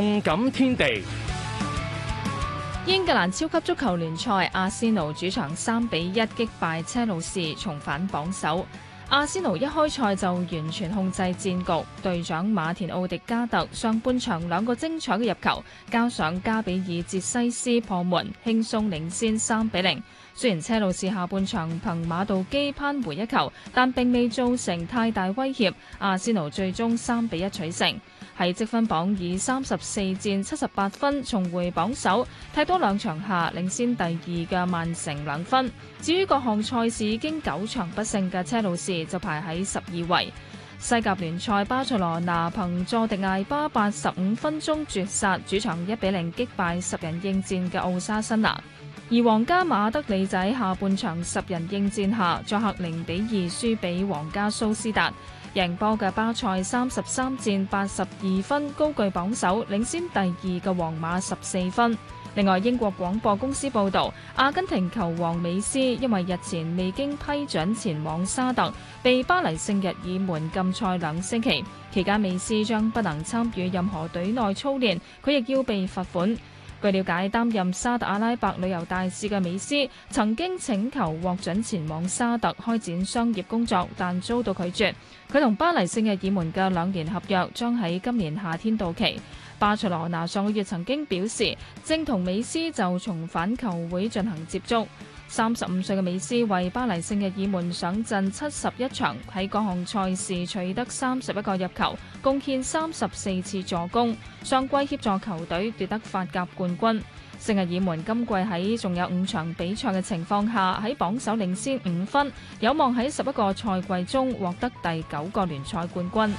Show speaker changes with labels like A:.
A: 動感天地，英格蘭超級足球聯賽，阿仙奴主場三比一擊敗車路士，重返榜首。阿仙奴一開賽就完全控制戰局，隊長馬田奧迪加特上半場兩個精彩嘅入球，加上加比爾捷西斯破門，輕鬆領先三比零。雖然車路士下半場憑馬度基扳回一球，但並未造成太大威脅。阿仙奴最終三比一取勝。喺積分榜以三十四戰七十八分重回榜首，踢多兩場下，領先第二嘅曼城兩分。至於各項賽事，已經九場不勝嘅車路士就排喺十二位。西甲聯賽巴塞羅那憑佐迪艾巴八十五分鐘絕殺，主場一比零擊敗十人應戰嘅奧沙辛拿。而皇家馬德里仔下半場十人應戰下，作客零比二輸俾皇家蘇斯達。贏波嘅巴塞三十三戰八十二分高居榜首，領先第二嘅皇馬十四分。另外，英國廣播公司報導，阿根廷球王美斯因為日前未經批准前往沙特，被巴黎聖日耳門禁賽兩星期，期間美斯將不能參與任何隊內操練，佢亦要被罰款。據了解，擔任沙特阿拉伯旅遊大使嘅美斯，曾經請求獲准前往沙特開展商業工作，但遭到拒絕。佢同巴黎聖日耳門嘅兩年合約將喺今年夏天到期。巴塞羅那上個月曾經表示，正同美斯就重返球會進行接觸。三十五歲嘅美斯為巴黎聖日耳門上陣七十一場，喺各項賽事取得三十一個入球，貢獻三十四次助攻。上季協助球隊奪得法甲冠軍。聖日耳門今季喺仲有五場比賽嘅情況下，喺榜首領先五分，有望喺十一個賽季中獲得第九個聯賽冠軍。